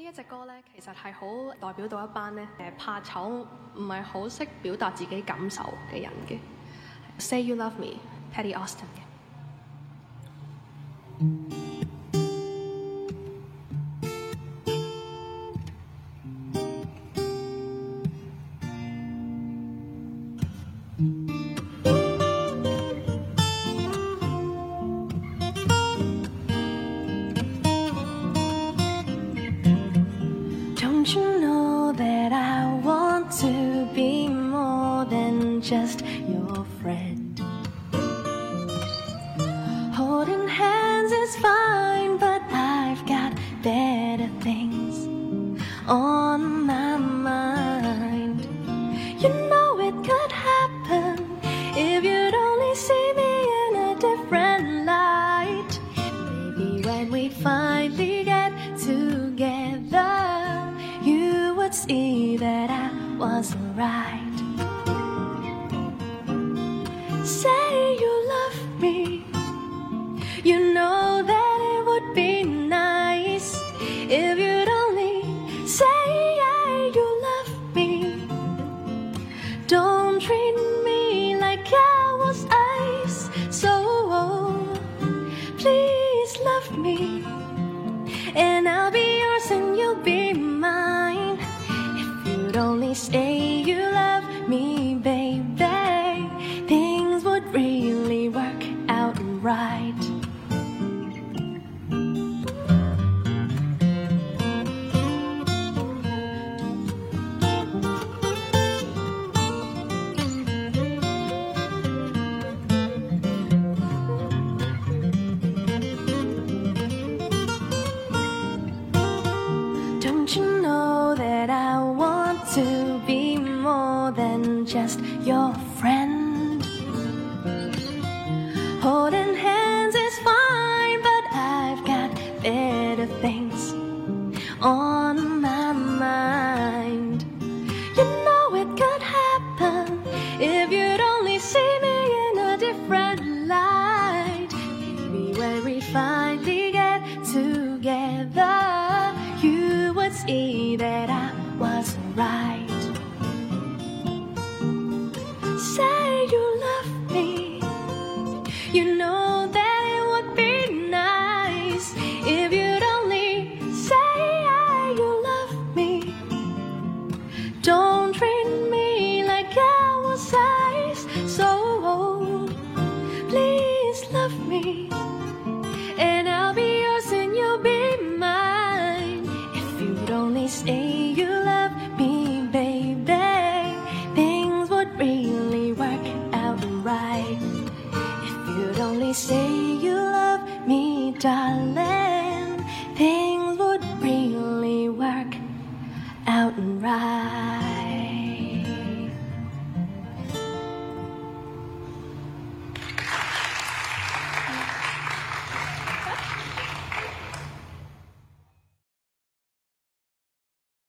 這一呢一隻歌咧，其實係好代表到一班咧，誒怕醜唔係好識表達自己感受嘅人嘅。Say you love me，Patty Austin 嘅。